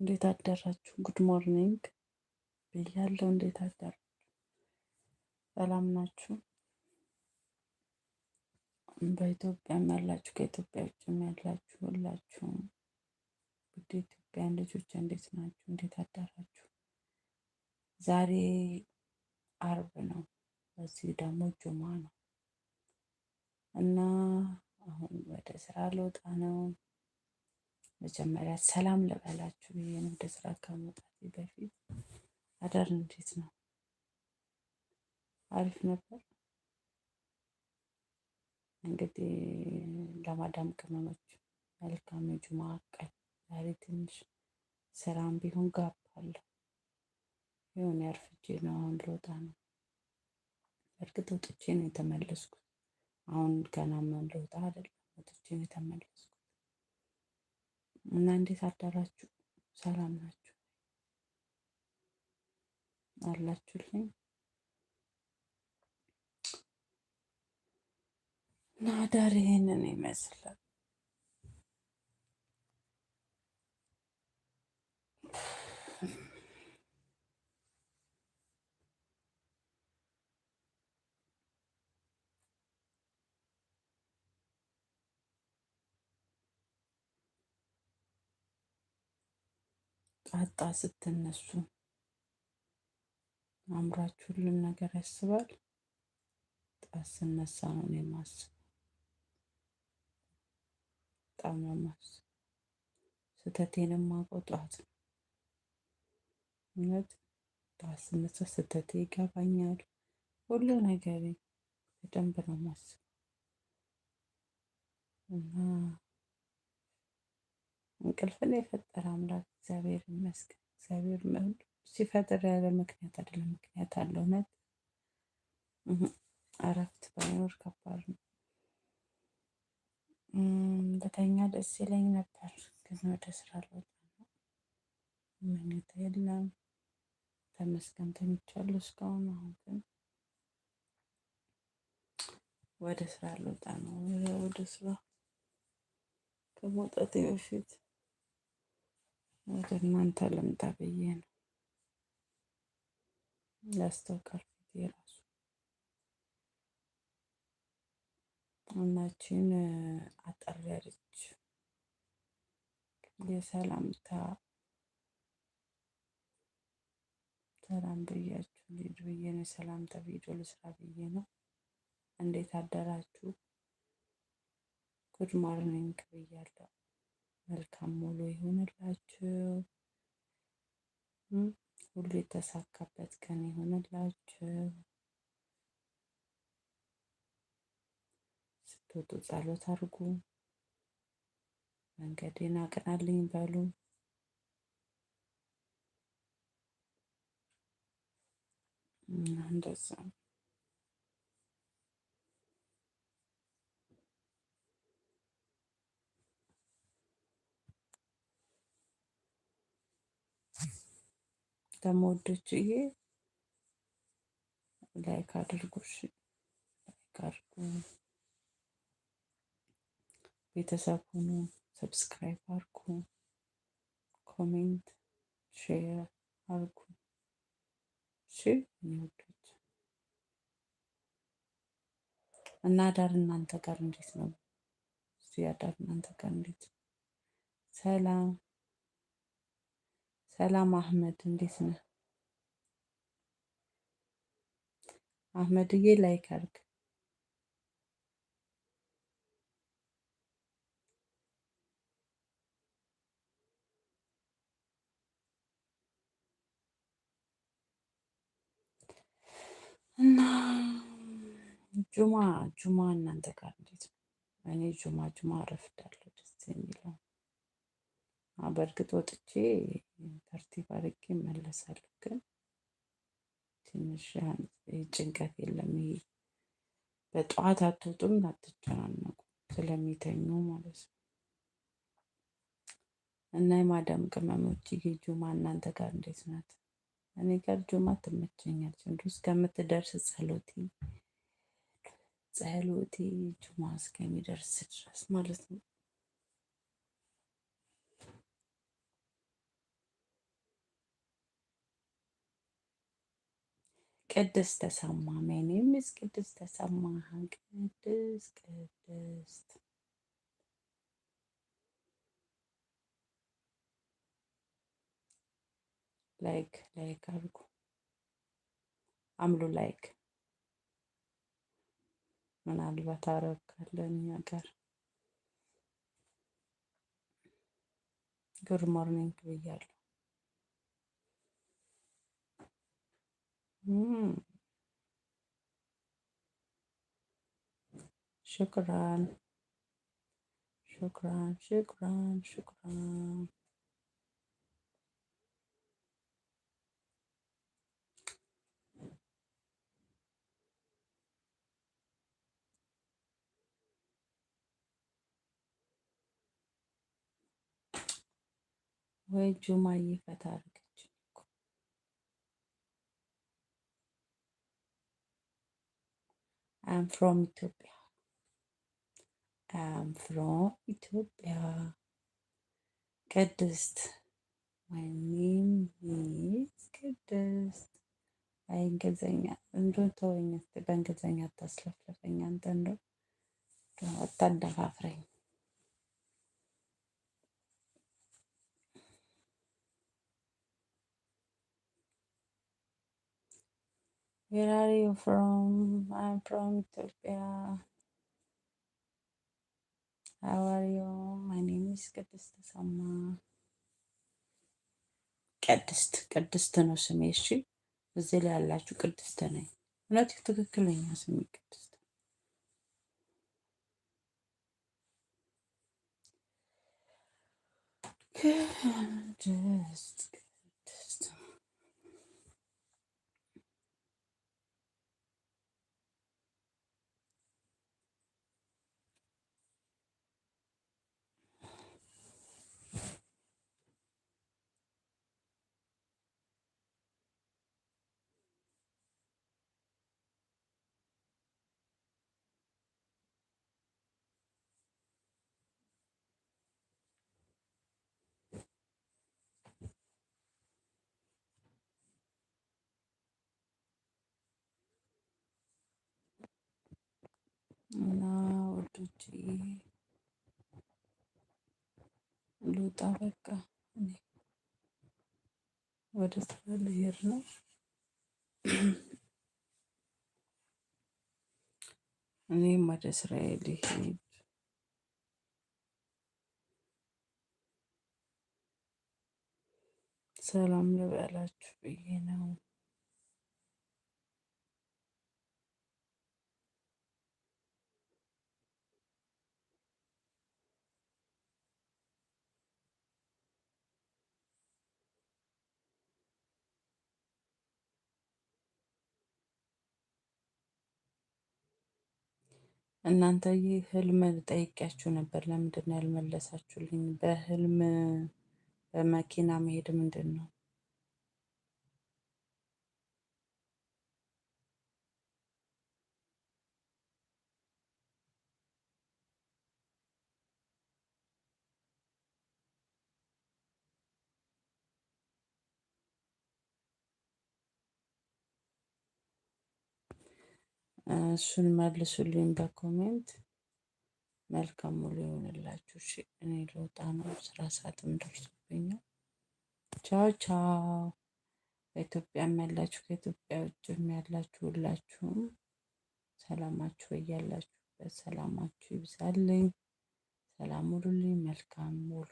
እንዴት አደራችሁ? ጉድ ሞርኒንግ ብያለሁ። እንዴት አደራችሁ? ሰላም ናችሁ? በኢትዮጵያም ያላችሁ ከኢትዮጵያ ውጭም ያላችሁ ሁላችሁም ውድ ኢትዮጵያን ልጆች እንዴት ናችሁ? እንዴት አደራችሁ? ዛሬ አርብ ነው፣ በዚህ ደግሞ ጁማ ነው እና አሁን ወደ ስራ ልወጣ ነው። መጀመሪያ ሰላም ልበላችሁ ብዬ ነው ወደ ስራ ከመውጣቴ በፊት። አዳር እንዴት ነው? አሪፍ ነበር። እንግዲህ ለማዳም ቅመሞች መልካም የጁማ ቀን። ዛሬ ትንሽ ስራም ቢሆን ጋብ አለው። የሆነ ያርፍጄ ነው አሁን ልወጣ ነው። እርግጥ ወጥቼ ነው የተመለስኩት። አሁን ገና ምን ልወጣ አይደለም፣ ወጥቼ ነው የተመለስኩት። እና እንዴት አደራችሁ ሰላም ናችሁ አላችሁልኝ? እና አዳር ይሄንን ይመስላል። ቃጣ ስትነሱ አእምሯችሁ ሁሉም ነገር ያስባል። ጣት ስነሳ ነው እኔ የማስበው። በጣም ነው የማስበው። ስህተቴንም የማውቀው ጠዋት ነው። እውነት ጣት ስነሳ ስህተቴ ይገባኛል። ሁሉ ነገሬ በደንብ ነው ማስበው እና እንቅልፍ ላይ የፈጠረ አምላክ እግዚአብሔር ይመስገን። እግዚአብሔር ሲፈጥር ያለ ምክንያት አይደለም፣ ምክንያት አለው። እውነት እረፍት ባይኖር ከባድ ነው። በተኛ ደስ ይለኝ ነበር፣ ግን ወደ ስራ ልወጣ ነው። መኝታ የለም። ተመስገን ተኝቻለሁ እስካሁን። አሁን ግን ወደ ስራ ለውጣ ነው። ወደ ስራ ከመውጣቴ በፊት ወደ እናንተ ልምጣ ብዬ ነው ያስታውቃል ፊቴ ራሱ እናችን አጠር ያለች የሰላምታ ሰላም ብያችሁ ልሂድ ብዬ ነው። የሰላምታ ቪዲዮ ልስራ ብዬ ነው። እንዴት አደራችሁ? ጉድ ማርኒንግ ብያለሁ። መልካም ሙሉ ይሆንላችሁ። ሁሉ የተሳካበት ቀን ይሆንላችሁ። ስትወጡ ጸሎት አድርጉ። መንገዴን አቅናልኝ በሉ። እንደዛ ስለምወዶችዬ ላይክ አድርጉ፣ ላይክ አድርጉ፣ ቤተሰብ ሁኑ፣ ሰብስክራይብ አድርጉ፣ ኮሜንት ሼር አድርጉ። እሺ የሚወዱት እና አዳር እናንተ ጋር እንዴት ነው? እዚህ አዳር እናንተ ጋር እንዴት ነው? ሰላም ሰላም አህመድ እንዴት ነህ? አህመድዬ ላይክ አድርግ። እና ጁማ ጁማ እናንተ ጋር እንዴት ነው? እኔ ጁማ ጁማ አረፍዳለሁ ደስ የሚለው በእርግጥ ወጥቼ ተርቲብ አድርጌ እመለሳለሁ። ግን ትንሽ ጭንቀት የለም። ይሄ በጠዋት አትወጡም አትጨናነቁ ስለሚተኙ ማለት ነው። እና የማዳም ቅመሞች ጁማ እናንተ ጋር እንዴት ናት? እኔ ጋር ጁማ ትመቸኛለች። እንዲሁ እስከምትደርስ ጸሎቴ ጸሎቴ ጁማ እስከሚደርስ ድረስ ማለት ነው። ቅድስ ተሰማ ሜኔምስ ቅድስ ተሰማ ቅድስ ቅድስት ላይክ ላይክ አድርጉ አምሉ ላይክ ምናልባት አረብ ካለን ሀገር ጉድ ሞርኒንግ ብያለሁ። Mm, shukran, shukran, shukran, shukran. ወይ ጁማ ይፈታል። I'm from Ethiopia. I'm from Ethiopia. Kadist. My name is I I Kadist. በእንግሊዝኛ እንደው ተወኝ እስኪ በእንግሊዝኛ አታስለፍለፈኝ አንተ እንደው አታደፋፍረኝ Where are you from? I'm from Ethiopia. How are you? My name is Katista Sama. ቅድስት ቅድስት ነው ስሜ። እሺ እዚህ ላይ ያላችሁ ቅድስት ነኝ። እውነት ትክክለኛ ስሜ ቅድስት። ከዛ እና ወዶች ልውጣ በቃ ወደ ስራ ልሄድ ነው። እኔም ወደ ስራዬ ልሄድ ሰላም ልበላችሁ ብዬ ነው። እናንተ ይህ ህልም ጠይቄያችሁ ነበር፣ ለምንድን ነው ያልመለሳችሁልኝ? በህልም በመኪና መሄድ ምንድን ነው? እሱን መልሱልኝ በኮሜንት። መልካም ሙሉ ይሆንላችሁ። እሺ እኔ ልወጣ ነው፣ ስራ ሰዓትም ደርሶብኛል። ቻው ቻው። በኢትዮጵያም ያላችሁ ከኢትዮጵያ ውጭም ያላችሁ ሁላችሁም ሰላማችሁ እያላችሁበት ሰላማችሁ ይብዛልኝ። ሰላም ሙሉልኝ መልካም ሙሉ